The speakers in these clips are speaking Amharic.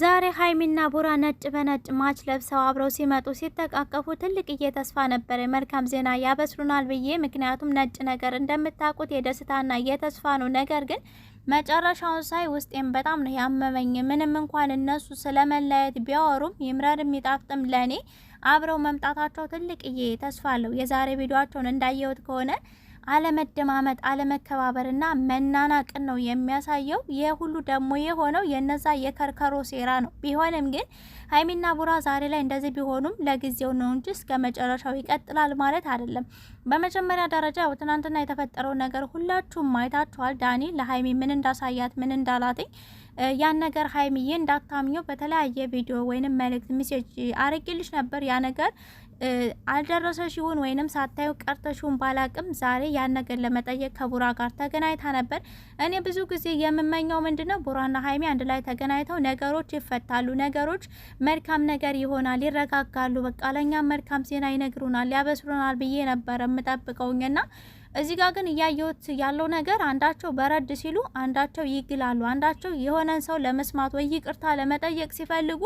ዛሬ ሀይሚና ቡራ ነጭ በነጭ ማች ለብሰው አብረው ሲመጡ ሲተቃቀፉ ትልቅዬ ተስፋ ነበር። መልካም ዜና ያበስሩናል ብዬ ምክንያቱም ነጭ ነገር እንደምታውቁት የደስታና የተስፋ ነው። ነገር ግን መጨረሻውን ሳይ ውስጤም በጣም ነው ያመመኝ። ምንም እንኳን እነሱ ስለመለየት ቢያወሩም ይምረር የሚጣፍጥም ለእኔ አብረው መምጣታቸው ትልቅዬ ተስፋ አለው። የዛሬ ቪዲዮቸውን እንዳየሁት ከሆነ አለመደማመጥ፣ አለመከባበርና መናናቅን ነው የሚያሳየው። ይህ ሁሉ ደግሞ የሆነው የነዛ የከርከሮ ሴራ ነው። ቢሆንም ግን ሀይሚና ቡራ ዛሬ ላይ እንደዚህ ቢሆኑም ለጊዜው ነው እንጂ እስከ መጨረሻው ይቀጥላል ማለት አይደለም። በመጀመሪያ ደረጃ ትናንትና የተፈጠረው ነገር ሁላችሁም ማየታችኋል። ዳኒ ለሀይሚ ምን እንዳሳያት ምን እንዳላትኝ ያን ነገር ሀይሚዬ እንዳታምኘው በተለያየ ቪዲዮ ወይንም መልእክት ሚሴጅ አረቂልሽ ነበር ያ ነገር አልደረሰሽ ይሁን ወይንም ሳታዩ ቀርተሽውን ባላቅም ዛሬ ያን ነገር ለመጠየቅ ከቡራ ጋር ተገናኝታ ነበር። እኔ ብዙ ጊዜ የምመኘው ምንድነው ነው ቡራና ሀይሚ አንድ ላይ ተገናኝተው ነገሮች ይፈታሉ፣ ነገሮች መልካም ነገር ይሆናል፣ ይረጋጋሉ፣ በቃ ለእኛም መልካም ዜና ይነግሩናል፣ ያበስሩናል ብዬ ነበረ የምጠብቀውኝና እዚህ ጋር ግን እያየሁት ያለው ነገር አንዳቸው በረድ ሲሉ፣ አንዳቸው ይግላሉ። አንዳቸው የሆነን ሰው ለመስማት ወይ ይቅርታ ለመጠየቅ ሲፈልጉ፣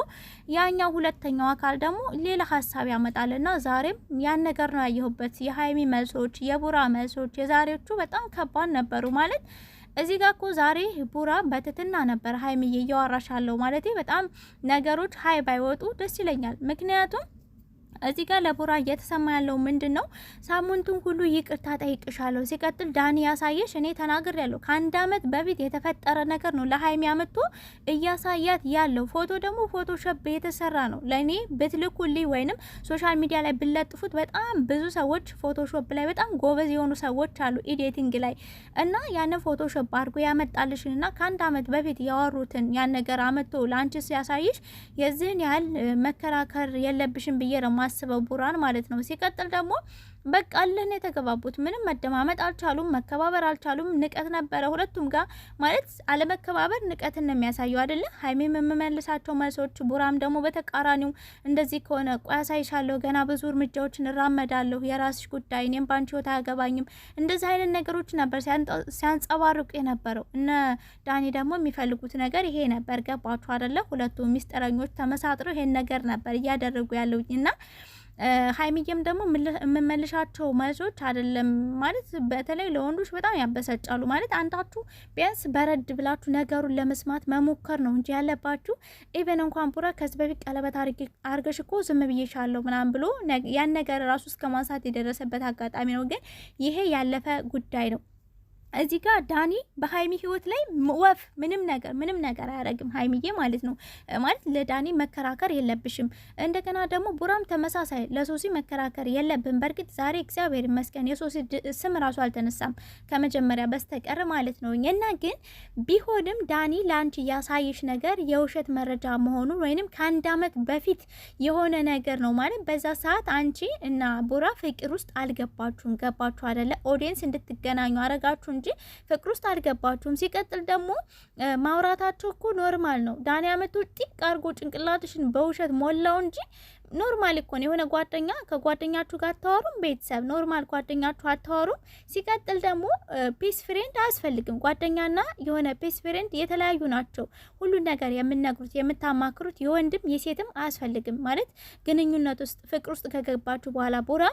ያኛው ሁለተኛው አካል ደግሞ ሌላ ሀሳብ ያመጣልና ዛሬም ያን ነገር ነው ያየሁበት። የሀይሚ መልሶች፣ የቡራ መልሶች የዛሬዎቹ በጣም ከባድ ነበሩ ማለት እዚህ ጋር እኮ ዛሬ ቡራ በትትና ነበር ሀይሚዬ እያወራሻለሁ ማለት በጣም ነገሮች ሀይ ባይወጡ ደስ ይለኛል ምክንያቱም እዚህ ጋር ለቦራ እየተሰማ ያለው ምንድን ነው? ሳምንቱን ሁሉ ይቅርታ ጠይቅሻለሁ። ሲቀጥል ዳኒ ያሳየሽ እኔ ተናግር ያለው ከአንድ አመት በፊት የተፈጠረ ነገር ነው። ለሀይሚ አመቶ እያሳያት ያለው ፎቶ ደግሞ ፎቶሾፕ የተሰራ ነው። ለእኔ ብትልኩልኝ ወይንም ሶሻል ሚዲያ ላይ ብለጥፉት በጣም ብዙ ሰዎች ፎቶሾፕ ላይ በጣም ጎበዝ የሆኑ ሰዎች አሉ ኢዴቲንግ ላይ እና ያንን ፎቶሾፕ አድርጎ ያመጣልሽንና ከአንድ አመት በፊት ያወሩትን ያን ነገር አመቶ ለአንቺ ሲያሳይሽ የዚህን ያህል መከራከር የለብሽን ብዬ ነው የምናስበው ቡራን ማለት ነው። ሲቀጥል ደግሞ በቃ አለህ ነው የተገባቡት። ምንም መደማመጥ አልቻሉም፣ መከባበር አልቻሉም። ንቀት ነበረ ሁለቱም ጋር ማለት አለመከባበር ንቀትን ነው የሚያሳየው አይደለ? ሀይሜም የምመልሳቸው መልሶች፣ ቡራም ደግሞ በተቃራኒው እንደዚህ ከሆነ ቆይ አሳይሻለሁ፣ ገና ብዙ እርምጃዎችን እራመዳለሁ፣ የራስሽ ጉዳይ፣ እኔም በአንቺ ህይወት አያገባኝም። እንደዚህ አይነት ነገሮች ነበር ሲያንጸባርቁ የነበረው። እነ ዳኒ ደግሞ የሚፈልጉት ነገር ይሄ ነበር። ገባችሁ አይደለ? ሁለቱ ሚስጥረኞች ተመሳጥረው ይሄን ነገር ነበር እያደረጉ ያለውኝ እና ሀይሚዬም ደግሞ የምመልሻቸው መልሶች አይደለም ማለት በተለይ ለወንዶች በጣም ያበሰጫሉ። ማለት አንዳችሁ ቢያንስ በረድ ብላችሁ ነገሩን ለመስማት መሞከር ነው እንጂ ያለባችሁ ኢቨን እንኳን ቡራ ከዚህ በፊት ቀለበት አርገሽ እኮ ዝም ብዬሻለሁ ምናምን ብሎ ያን ነገር ራሱ እስከ ማንሳት የደረሰበት አጋጣሚ ነው። ግን ይሄ ያለፈ ጉዳይ ነው። እዚህ ጋር ዳኒ በሀይሚ ህይወት ላይ ወፍ ምንም ነገር ምንም ነገር አያደርግም። ሀይሚዬ ማለት ነው ማለት ለዳኒ መከራከር የለብሽም። እንደገና ደግሞ ቡራም ተመሳሳይ ለሶሲ መከራከር የለብን። በእርግጥ ዛሬ እግዚአብሔር ይመስገን የሶሲ ስም ራሱ አልተነሳም ከመጀመሪያ በስተቀር ማለት ነው። እና ግን ቢሆንም ዳኒ ለአንቺ ያሳይሽ ነገር የውሸት መረጃ መሆኑን ወይንም ከአንድ አመት በፊት የሆነ ነገር ነው ማለት በዛ ሰዓት አንቺ እና ቡራ ፍቅር ውስጥ አልገባችሁም። ገባችሁ አደለ? ኦዲየንስ እንድትገናኙ አረጋችሁ እንጂ ፍቅር ውስጥ አልገባችሁም። ሲቀጥል ደግሞ ማውራታችሁ እኮ ኖርማል ነው። ዳኒ አመቱ ጢቅ አድርጎ ጭንቅላትሽን በውሸት ሞላው እንጂ ኖርማል እኮ ነው። የሆነ ጓደኛ ከጓደኛችሁ ጋር አታወሩም፣ ቤተሰብ ኖርማል ጓደኛችሁ አታወሩም። ሲቀጥል ደግሞ ፔስ ፍሬንድ አያስፈልግም። ጓደኛና የሆነ ፔስ ፍሬንድ የተለያዩ ናቸው። ሁሉን ነገር የምነግሩት የምታማክሩት የወንድም የሴትም አያስፈልግም ማለት ግንኙነት ውስጥ ፍቅር ውስጥ ከገባችሁ በኋላ ቦራ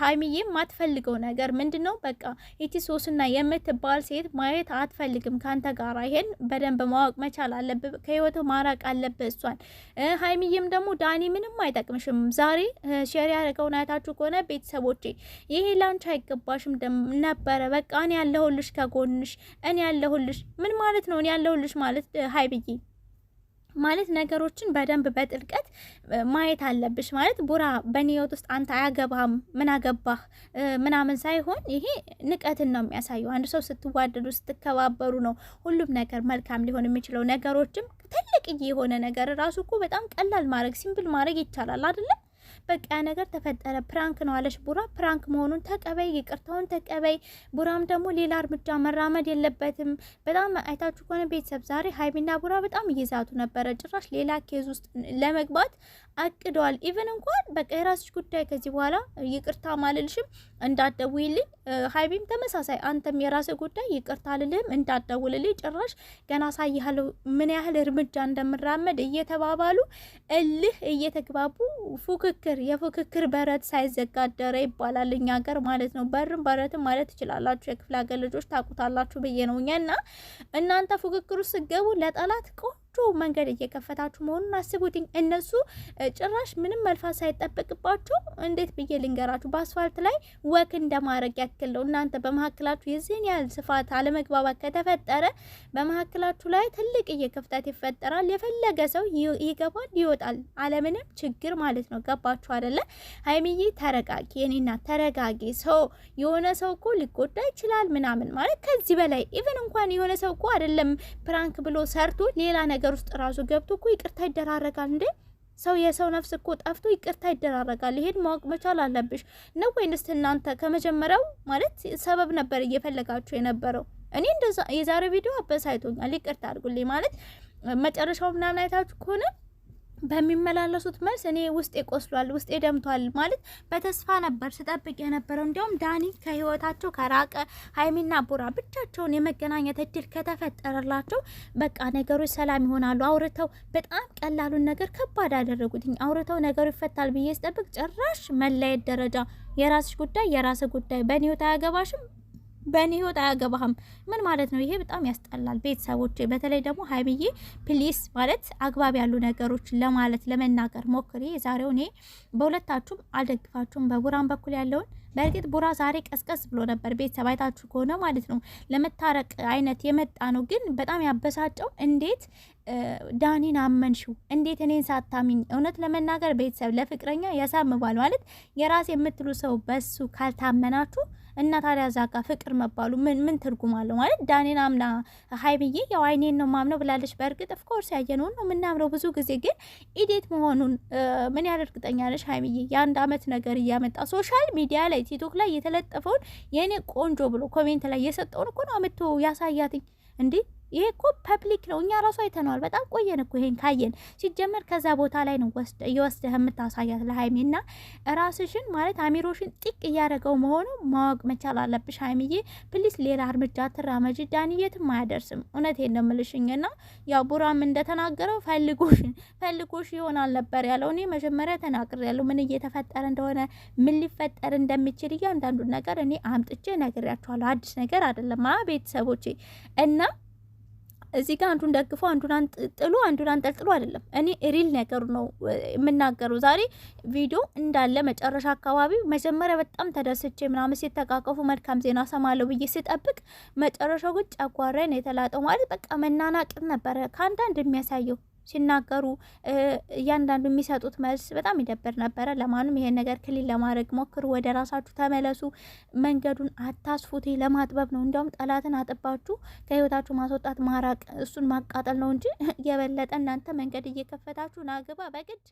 ሀይሚዬ የማትፈልገው ነገር ምንድን ነው? በቃ ይቺ ሶስና የምትባል ሴት ማየት አትፈልግም ከአንተ ጋር። ይሄን በደንብ ማወቅ መቻል አለብህ። ከህይወት ማራቅ አለብህ እሷን። ሀይሚዬም ደግሞ ዳኒ ምንም አይጠቅምሽም። ዛሬ ሼር ያደረገውን አያታችሁ ከሆነ ቤተሰቦቼ፣ ይሄ ላንቺ አይገባሽም ነበረ። በቃ እኔ ያለሁልሽ፣ ከጎንሽ እኔ ያለሁልሽ። ምን ማለት ነው እኔ ያለሁልሽ ማለት ሀይሚዬ ማለት ነገሮችን በደንብ በጥልቀት ማየት አለብሽ። ማለት ቡራ በእኔ ህይወት ውስጥ አንተ አያገባህም ምን አገባህ ምናምን ሳይሆን ይሄ ንቀትን ነው የሚያሳየው። አንድ ሰው ስትዋደዱ ስትከባበሩ ነው ሁሉም ነገር መልካም ሊሆን የሚችለው። ነገሮችም ትልቅዬ የሆነ ነገር ራሱ እኮ በጣም ቀላል ማድረግ ሲምፕል ማድረግ ይቻላል አይደለም በቃ ነገር ተፈጠረ፣ ፕራንክ ነው አለሽ ቡራ። ፕራንክ መሆኑን ተቀበይ፣ ይቅርታውን ተቀበይ። ቡራም ደግሞ ሌላ እርምጃ መራመድ የለበትም። በጣም አይታችሁ ከሆነ ቤተሰብ ዛሬ ሀይሚና ቡራ በጣም እየዛቱ ነበረ። ጭራሽ ሌላ ኬዝ ውስጥ ለመግባት አቅደዋል። ኢቨን እንኳን በቃ የራስሽ ጉዳይ፣ ከዚህ በኋላ ይቅርታ ማልልሽም እንዳደውልኝ። ሀይቢም ተመሳሳይ፣ አንተም የራስ ጉዳይ፣ ይቅርታ አልልህም፣ እንዳደውልልኝ። ጭራሽ ገና ሳይያለው ምን ያህል እርምጃ እንደምራመድ እየተባባሉ እልህ እየተግባቡ ፉክክ ፉክክር የፉክክር በረት ሳይዘጋ አደረ ይባላል እኛ ሀገር ማለት ነው። በርም በረትም ማለት ትችላላችሁ፣ የክፍለ ሀገር ልጆች ታውቁታላችሁ ብዬ ነው እና እናንተ ፉክክሩ ስገቡ ለጠላት ቆም መንገድ እየከፈታችሁ መሆኑን አስቡትኝ። እነሱ ጭራሽ ምንም መልፋት ሳይጠበቅባችሁ እንዴት ብዬ ልንገራችሁ፣ በአስፋልት ላይ ወክ እንደማድረግ ያክል ነው። እናንተ በመካከላችሁ የዚህን ያህል ስፋት አለመግባባት ከተፈጠረ በመካከላችሁ ላይ ትልቅ ክፍተት ይፈጠራል። የፈለገ ሰው ይገባል ይወጣል፣ አለምንም ችግር ማለት ነው። ገባችሁ አደለ? ሀይሚዬ ተረጋጊ፣ የኔና ተረጋጊ። ሰው የሆነ ሰው እኮ ሊጎዳ ይችላል ምናምን ማለት ከዚህ በላይ ኢቨን እንኳን የሆነ ሰው እኮ አይደለም ፕራንክ ብሎ ሰርቶ ሌላ ነገር ነገር ውስጥ ራሱ ገብቶ እኮ ይቅርታ ይደራረጋል እንዴ? ሰው የሰው ነፍስ እኮ ጠፍቶ ይቅርታ ይደራረጋል። ይሄን ማወቅ መቻል አለብሽ ነው ወይንስ እናንተ ከመጀመሪያው ማለት ሰበብ ነበር እየፈለጋችሁ የነበረው? እኔ እንደዛ የዛሬ ቪዲዮ አበሳይቶኛል። ይቅርታ አድርጉልኝ ማለት መጨረሻው ምናምን አይታችሁ ከሆነ በሚመላለሱት መልስ እኔ ውስጤ ቆስሏል፣ ውስጤ ደምቷል ማለት በተስፋ ነበር ስጠብቅ የነበረው። እንዲሁም ዳኒ ከህይወታቸው ከራቀ ሀይሚና ቡራ ብቻቸውን የመገናኘት እድል ከተፈጠረላቸው በቃ ነገሮች ሰላም ይሆናሉ። አውርተው በጣም ቀላሉን ነገር ከባድ አደረጉትኝ። አውርተው ነገሩ ይፈታል ብዬ ስጠብቅ ጭራሽ መለየት ደረጃ የራስሽ ጉዳይ የራስ ጉዳይ በእኔ ህይወት አያገባሽም በእኔ ህይወት አያገባህም። ምን ማለት ነው? ይሄ በጣም ያስጠላል። ቤተሰቦች፣ በተለይ ደግሞ ሀይምዬ ፕሊስ ማለት አግባብ ያሉ ነገሮች ለማለት ለመናገር ሞክሪ። የዛሬው እኔ በሁለታችሁም አልደግፋችሁም። በቡራን በኩል ያለውን በእርግጥ ቡራ ዛሬ ቀስቀስ ብሎ ነበር፣ ቤተሰብ አይታችሁ ከሆነ ማለት ነው። ለመታረቅ አይነት የመጣ ነው። ግን በጣም ያበሳጨው እንዴት ዳኒን አመንሽው እንዴት እኔን ሳታሚኝ? እውነት ለመናገር ቤተሰብ ለፍቅረኛ ያሳምባል ማለት የራስ የምትሉ ሰው በሱ ካልታመናችሁ እና ታዲያ እዛ ፍቅር መባሉ ምን ምን ትርጉም አለው? ማለት ዳኔን አምና ሀይሚዬ ያው አይኔን ነው ማምነው ብላለች። በእርግጥ ኦፍኮርስ ያየነውን ነው የምናምነው ብዙ ጊዜ ግን ኢዴት መሆኑን ምን ያህል እርግጠኛ ነች ሀይሚዬ? የአንድ አመት ነገር እያመጣ ሶሻል ሚዲያ ላይ ቲክቶክ ላይ የተለጠፈውን የእኔ ቆንጆ ብሎ ኮሜንት ላይ የሰጠውን እኮ ነው አምቶ ያሳያትኝ እንዴ ይሄ እኮ ፐብሊክ ነው። እኛ ራሱ አይተነዋል። በጣም ቆየን እኮ ይሄን ካየን። ሲጀመር ከዛ ቦታ ላይ ነው ወስደ እየወስደህ የምታሳያት ለሀይሜ እና ራስሽን ማለት አሚሮሽን ጢቅ እያደረገው መሆኑ ማወቅ መቻል አለብሽ ሀይሚዬ። ፕሊስ ሌላ እርምጃ ትራመጅ። ዳንየትም አያደርስም። እውነቴን ነው የምልሽኝ። እና ያው ቡራም እንደተናገረው ፈልጎሽ ፈልጎሽ ይሆናል ነበር ያለው። እኔ መጀመሪያ ያለው ምን እየተፈጠረ እንደሆነ ምን ሊፈጠር እንደሚችል እያንዳንዱን ነገር እኔ አምጥቼ ነግሬያችኋለሁ። አዲስ ነገር አይደለም ቤተሰቦቼ እና እዚህ ጋር አንዱን ደግፎ አንዱን አንጥሎ አንዱን አንጠልጥሎ አይደለም። እኔ ሪል ነገር ነው የምናገረው። ዛሬ ቪዲዮ እንዳለ መጨረሻ አካባቢ መጀመሪያ በጣም ተደስቼ ምናምን ሲተቃቀፉ መልካም ዜና ሰማለሁ ብዬ ስጠብቅ መጨረሻው ግን ጨጓራዬን የተላጠው ማለት በቃ መናናቅን ነበረ ከአንዳንድ የሚያሳየው ሲናገሩ እያንዳንዱ የሚሰጡት መልስ በጣም ይደብር ነበረ። ለማንም ይሄን ነገር ክሊል ለማድረግ ሞክሩ፣ ወደ ራሳችሁ ተመለሱ፣ መንገዱን አታስፉት። ለማጥበብ ነው። እንዲያውም ጠላትን አጥባችሁ ከህይወታችሁ ማስወጣት ማራቅ፣ እሱን ማቃጠል ነው እንጂ የበለጠ እናንተ መንገድ እየከፈታችሁ ናግባ በግድ